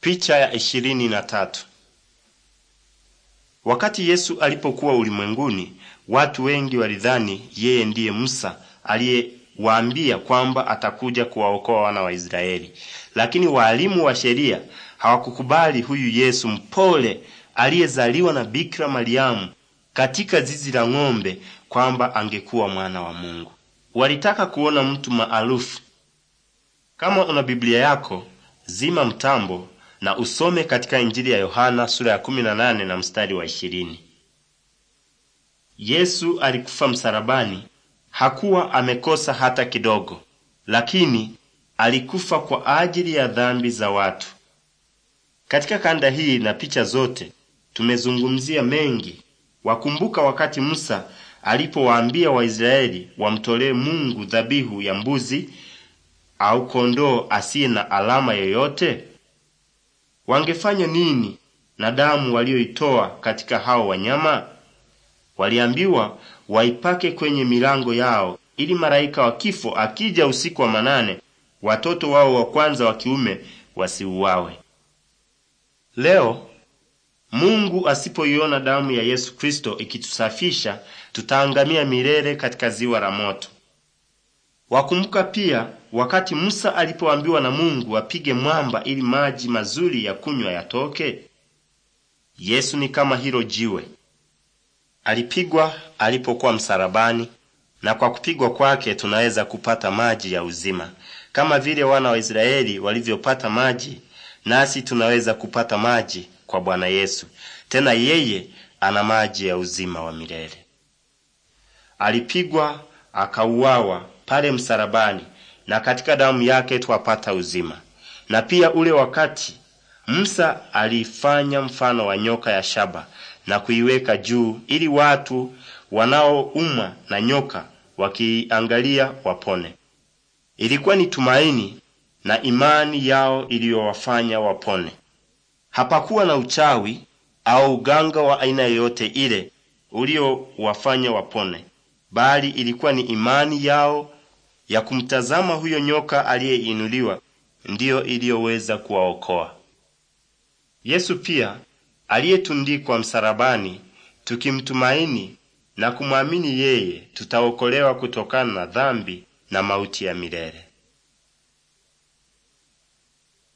Picha ya ishirini na tatu. Wakati Yesu alipokuwa ulimwenguni, watu wengi walidhani yeye ndiye Musa aliyewaambia kwamba atakuja kuwaokoa wana wa Israeli. Lakini waalimu wa sheria hawakukubali huyu Yesu mpole aliyezaliwa na Bikira Mariamu katika zizi la ng'ombe kwamba angekuwa mwana wa Mungu. Walitaka kuona mtu maarufu. Kama una Biblia yako, zima mtambo na usome katika Injili ya Yohana sura ya 18 na mstari wa 20. Yesu alikufa msalabani, hakuwa amekosa hata kidogo, lakini alikufa kwa ajili ya dhambi za watu. Katika kanda hii na picha zote tumezungumzia mengi. Wakumbuka wakati Musa alipowaambia Waisraeli wamtolee Mungu dhabihu ya mbuzi au kondoo asiye na alama yoyote? wangefanya nini na damu walioitoa katika hao wanyama? Waliambiwa waipake kwenye milango yao ili malaika wa kifo akija usiku wa manane, watoto wao wa kwanza wa kiume wasiuawe. Leo Mungu asipoiona damu ya Yesu Kristo ikitusafisha, tutaangamia milele katika ziwa la moto. Wakumbuka pia wakati Musa alipoambiwa na Mungu apige mwamba ili maji mazuri ya kunywa yatoke. Yesu ni kama hilo jiwe. Alipigwa alipokuwa msalabani, na kwa kupigwa kwake tunaweza kupata maji ya uzima. Kama vile wana wa Israeli walivyopata maji, nasi tunaweza kupata maji kwa Bwana Yesu. Tena yeye ana maji ya uzima wa milele. Alipigwa akauawa pale msalabani, na katika damu yake twapata uzima. Na pia ule wakati Musa alifanya mfano wa nyoka ya shaba na kuiweka juu, ili watu wanaoumwa na nyoka wakiangalia wapone. Ilikuwa ni tumaini na imani yao iliyowafanya wapone. Hapakuwa na uchawi au uganga wa aina yoyote ile uliowafanya wapone bali ilikuwa ni imani yao ya kumtazama huyo nyoka aliyeinuliwa ndiyo iliyoweza kuwaokoa. Yesu pia aliyetundikwa msalabani, tukimtumaini na kumwamini yeye, tutaokolewa kutokana na dhambi na mauti ya milele.